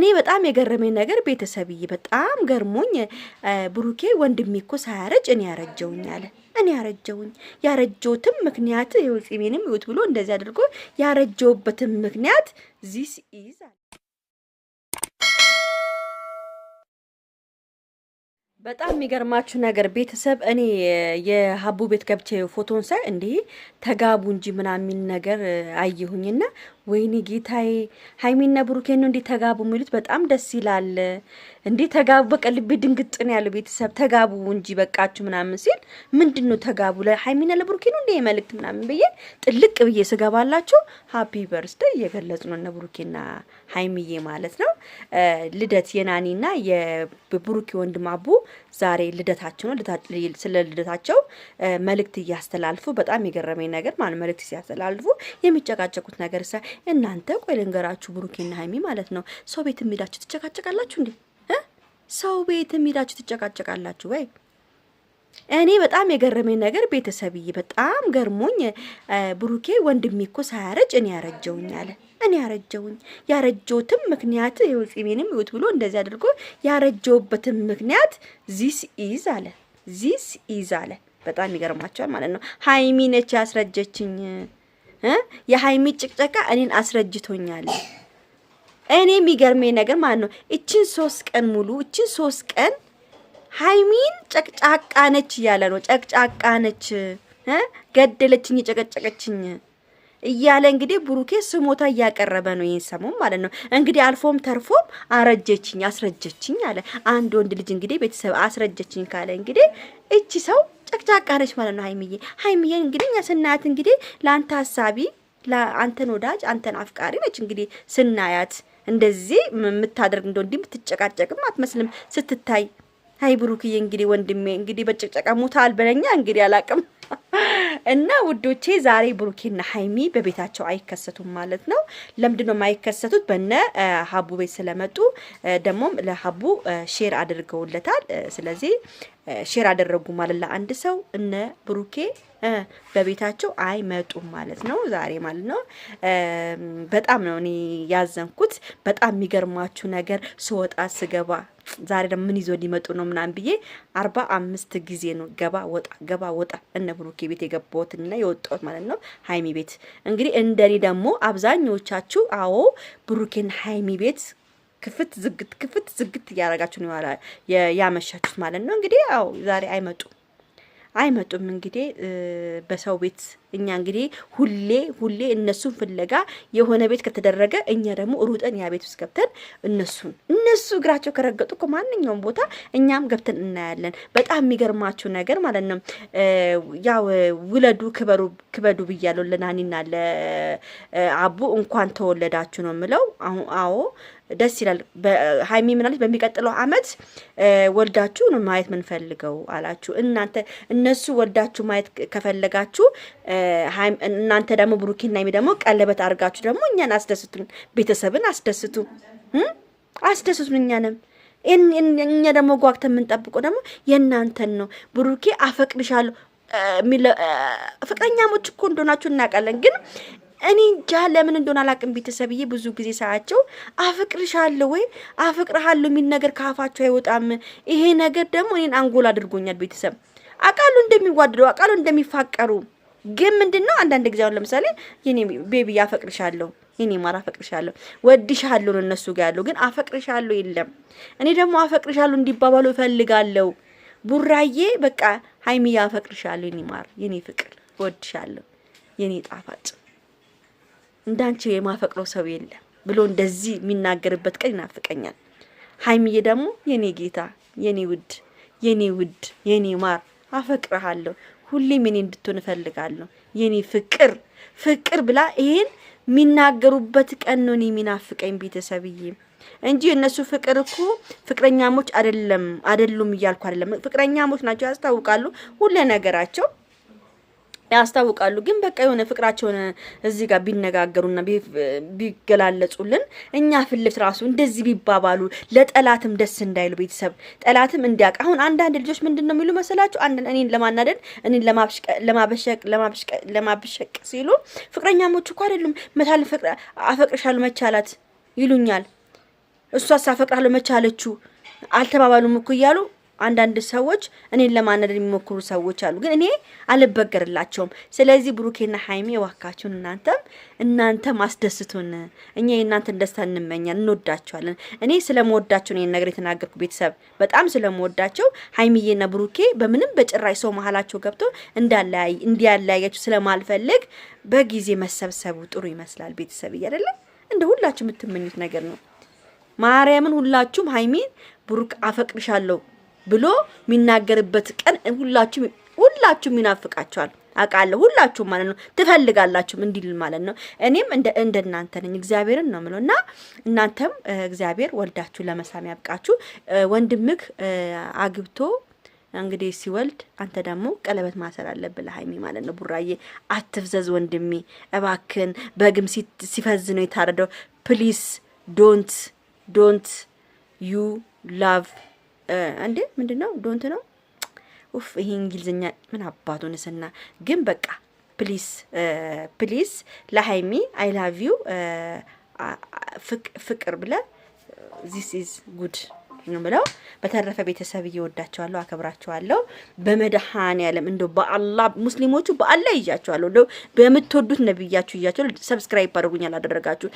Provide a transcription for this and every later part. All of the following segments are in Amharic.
እኔ በጣም የገረመኝ ነገር ቤተሰብዬ፣ በጣም ገርሞኝ ብሩኬ ወንድሜ እኮ ሳያረጅ እኔ ያረጀውኝ አለ። እኔ ያረጀውኝ ያረጀውትም ምክንያት ፂሜንም ይወት ብሎ እንደዚህ አድርጎ ያረጀውበትም ምክንያት ዚስ ኢዝ በጣም የሚገርማችሁ ነገር ቤተሰብ እኔ የሀቡ ቤት ገብቼ ፎቶን ሳይ እንዲህ ተጋቡ እንጂ ምናምን ነገር አየሁኝና ወይኔ ጌታዬ ሀይሚና ብሩኬ ነው እንዴ ተጋቡ የሚሉት በጣም ደስ ይላል። እንዴ ተጋቡ በቃ ልቤ ድንግጥ ነው ያለው ቤተሰብ ተጋቡ እንጂ በቃችሁ ምናምን ሲል ምንድን ነው ተጋቡ ለሀይሚና ለብሩኬ ነው እንዴ የመልእክት ምናምን ብዬ ጥልቅ ብዬ ስገባላችሁ ሀፒ በርስደ እየገለጹ ነው እነ ብሩኬና ሀይሚዬ ማለት ነው። ልደት የናኒና የብሩኬ ወንድም አቡ ዛሬ ልደታቸው ነው። ስለ ልደታቸው መልእክት እያስተላልፉ በጣም የገረመኝ ነገር ማለት መልእክት ሲያስተላልፉ የሚጨቃጨቁት ነገር እናንተ ቆይ ልንገራችሁ፣ ብሩኬና ሀይሚ ማለት ነው። ሰው ቤት የሚሄዳችሁ ትጨቃጨቃላችሁ እንዴ? ሰው ቤት የሚሄዳችሁ ትጨቃጨቃላችሁ ወይ? እኔ በጣም የገረመኝ ነገር ቤተሰብዬ፣ በጣም ገርሞኝ ብሩኬ ወንድሜ እኮ ሳያረጅ እኔ ያረጀውኝ አለ። እኔ ያረጀውኝ ያረጀውትም ምክንያት ጽሜንም ይወት ብሎ እንደዚህ አድርጎ ያረጀውበትም ምክንያት ዚስ ኢዝ አለ። ዚስ ኢዝ አለ። በጣም ይገርማቸዋል ማለት ነው። ሀይሚ ነች ያስረጀችኝ። የሀይሚ ጭቅጨቃ እኔን አስረጅቶኛል። እኔ የሚገርመኝ ነገር ማለት ነው እችን ሶስት ቀን ሙሉ እችን ሶስት ቀን ሀይሚን ጨቅጫቃ ነች እያለ ነው። ጨቅጫቃ ነች፣ ገደለችኝ፣ የጨቀጨቀችኝ እያለ እንግዲህ ብሩኬ ስሞታ እያቀረበ ነው። ይህን ሰሞን ማለት ነው እንግዲህ አልፎም ተርፎም አረጀችኝ፣ አስረጀችኝ አለ። አንድ ወንድ ልጅ እንግዲህ ቤተሰብ አስረጀችኝ ካለ እንግዲህ እቺ ሰው ጨቅጫቃ ነች ማለት ነው ሀይሚዬ። ሀይሚዬ እንግዲህ እኛ ስናያት እንግዲህ ለአንተ ሀሳቢ ለአንተን ወዳጅ አንተን አፍቃሪ ነች እንግዲህ ስናያት እንደዚህ የምታደርግ እንደ እንዲህ የምትጨቃጨቅም አትመስልም ስትታይ አይ ብሩክዬ፣ እንግዲህ ወንድሜ እንግዲህ በጭቅጨቃ ሙታል በለኛ እንግዲህ አላቅም። እና ውዶቼ ዛሬ ብሩኬና ሀይሚ በቤታቸው አይከሰቱም ማለት ነው። ለምንድን ነው የማይከሰቱት? በነ ሀቡ ቤት ስለመጡ ደግሞም ለሀቡ ሼር አድርገውለታል። ስለዚህ ሼር አደረጉ ማለት ለአንድ ሰው እነ ብሩኬ በቤታቸው አይመጡም ማለት ነው፣ ዛሬ ማለት ነው። በጣም ነው እኔ ያዘንኩት። በጣም የሚገርማችሁ ነገር ስወጣ ስገባ ዛሬ ደግሞ ምን ይዞ ሊመጡ ነው ምናምን ብዬ አርባ አምስት ጊዜ ነው ገባ ወጣ ገባ ወጣ እነ ብሩኬ ቤት የገባትና የወጣሁት ማለት ነው። ሀይሚ ቤት እንግዲህ እንደኔ ደግሞ አብዛኞቻችሁ አዎ ብሩኬን ሀይሚ ቤት ክፍት ዝግት ክፍት ዝግት እያደረጋችሁ ነው ያመሻችሁት ማለት ነው። እንግዲህ አዎ ዛሬ አይመጡም። አይመጡም። እንግዲህ በሰው ቤት እኛ እንግዲህ ሁሌ ሁሌ እነሱን ፍለጋ የሆነ ቤት ከተደረገ እኛ ደግሞ ሩጠን ያ ቤት ውስጥ ገብተን እነሱን እነሱ እግራቸው ከረገጡ እኮ ማንኛውም ቦታ እኛም ገብተን እናያለን። በጣም የሚገርማችሁ ነገር ማለት ነው ያው ውለዱ ክበሩ ክበዱ ብያለሁ ለናኒና ለአቡ እንኳን ተወለዳችሁ ነው የምለው። አዎ ደስ ይላል። ሀይሚ ምናለች? በሚቀጥለው አመት ወልዳችሁ ማየት ምንፈልገው አላችሁ። እናንተ እነሱ ወልዳችሁ ማየት ከፈለጋችሁ እናንተ ደግሞ ብሩኪና ሀይሚ ደግሞ ቀለበት አድርጋችሁ ደግሞ እኛን አስደስቱን፣ ቤተሰብን አስደስቱ፣ አስደስቱን እኛንም እኛ ደግሞ ጓግተ የምንጠብቀው ደግሞ የእናንተን ነው። ብሩኬ አፈቅድሻለሁ ፍቅረኛሞች እኮ እንደሆናችሁ እናውቃለን፣ ግን እኔ እንጃ ለምን እንደሆነ አላቅም። ቤተሰብዬ ብዙ ጊዜ ሳያቸው አፍቅርሻለሁ ወይ አፍቅርሃለሁ የሚል ነገር ከአፋቸው አይወጣም። ይሄ ነገር ደግሞ እኔን አንጎል አድርጎኛል። ቤተሰብ አቃሉ እንደሚዋደዱ አቃሉ እንደሚፋቀሩ ግን ምንድን ነው አንዳንድ ጊዜ አሁን ለምሳሌ የኔ ቤቢ አፈቅርሻለሁ፣ የኔ ማር አፈቅርሻለሁ፣ ወድሻለሁ ነው እነሱ ጋር ያለው። ግን አፈቅርሻለሁ የለም። እኔ ደግሞ አፈቅርሻለሁ እንዲባባሉ እፈልጋለሁ። ቡራዬ በቃ ሀይሚዬ አፈቅርሻለሁ፣ የኔ ማር፣ የኔ ፍቅር፣ ወድሻለሁ፣ የኔ ጣፋጭ እንዳንቺ የማፈቅረው ሰው የለም ብሎ እንደዚህ የሚናገርበት ቀን ይናፍቀኛል። ሀይሚዬ ደግሞ የኔ ጌታ፣ የኔ ውድ፣ የኔ ውድ፣ የኔ ማር አፈቅረሃለሁ፣ ሁሌም እኔ እንድትሆን እፈልጋለሁ፣ የኔ ፍቅር ፍቅር ብላ ይሄን የሚናገሩበት ቀን ነው የሚናፍቀኝ ቤተሰብዬ እንጂ እነሱ ፍቅር እኮ ፍቅረኛሞች አይደለም አይደሉም እያልኩ አይደለም። ፍቅረኛሞች ናቸው፣ ያስታውቃሉ ሁለ ነገራቸው ያስታውቃሉ። ግን በቃ የሆነ ፍቅራቸውን እዚህ ጋር ቢነጋገሩና ቢገላለጹልን እኛ ፍልፍት ራሱ እንደዚህ ቢባባሉ ለጠላትም ደስ እንዳይሉ ቤተሰብ ጠላትም እንዲያውቅ። አሁን አንዳንድ ልጆች ምንድን ነው የሚሉ መሰላችሁ? አንድ እኔን ለማናደድ እኔን ለማበሸቅ ለማብሸቅ ሲሉ ፍቅረኛሞች እኮ አይደሉም መታል አፈቅርሻለሁ መቻላት ይሉኛል። እሷ ሳፈቅራለሁ መቻለችው አልተባባሉም እኮ እያሉ አንዳንድ ሰዎች እኔን ለማናደድ የሚሞክሩ ሰዎች አሉ፣ ግን እኔ አልበገርላቸውም። ስለዚህ ብሩኬና ሀይሜ ዋካችሁን፣ እናንተም እናንተ ማስደስቱን፣ እኛ የእናንተን ደስታ እንመኛል፣ እንወዳቸዋለን። እኔ ስለመወዳቸው ነው ነገር የተናገርኩ። ቤተሰብ በጣም ስለመወዳቸው ሀይሚዬና ብሩኬ በምንም በጭራሽ ሰው መሀላቸው ገብቶ እንዲያለያያቸው ስለማልፈልግ በጊዜ መሰብሰቡ ጥሩ ይመስላል። ቤተሰብ እያደለ እንደ ሁላችሁ የምትመኙት ነገር ነው። ማርያምን ሁላችሁም ሀይሜን ብሩክ አፈቅርሻለሁ ብሎ የሚናገርበት ቀን ሁላችሁም ሁላችሁም ይናፍቃቸዋል። አውቃለሁ ሁላችሁም ማለት ነው ትፈልጋላችሁም እንዲል ማለት ነው። እኔም እንደ እንደናንተ ነኝ። እግዚአብሔርን ነው ምለው እና እናንተም እግዚአብሔር ወልዳችሁ ለመሳም ያብቃችሁ። ወንድምክ አግብቶ እንግዲህ ሲወልድ አንተ ደግሞ ቀለበት ማሰር አለብህ ሀይሚ ማለት ነው። ቡራዬ አትፍዘዝ ወንድሜ እባክን። በግም ሲፈዝ ነው የታረደው። ፕሊስ ዶንት ዶንት ዩ ላቭ እንዴ ምንድነው? ዶንት ነው ኡፍ ይሄ እንግሊዝኛ ምን አባቱ ንስና ግን በቃ ፕሊስ ፕሊስ ለሀይሚ አይ ላቭ ዩ ፍቅር ብለ ዚስ ኢዝ ጉድ ብለው በተረፈ ቤተሰብ እየወዳቸዋለሁ፣ አከብራቸዋለሁ። በመድሃን ያለም እንደ በአላ ሙስሊሞቹ በአላ ይዣቸዋለሁ። እንደ በምትወዱት ነብያችሁ ይዣቸዋለሁ። ሰብስክራይብ አድርጉኝ አላደረጋችሁ።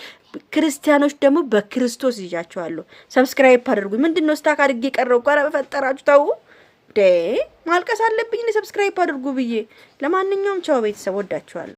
ክርስቲያኖች ደግሞ በክርስቶስ ይዣቸዋለሁ። ሰብስክራይብ አድርጉኝ። ምንድን ነው ስታክ አድርጌ ቀረው እኮ በፈጠራችሁ ተው። ደ ማልቀስ አለብኝ። ሰብስክራይብ አድርጉ ብዬ። ለማንኛውም ቻው ቤተሰብ፣ ወዳቸዋለሁ።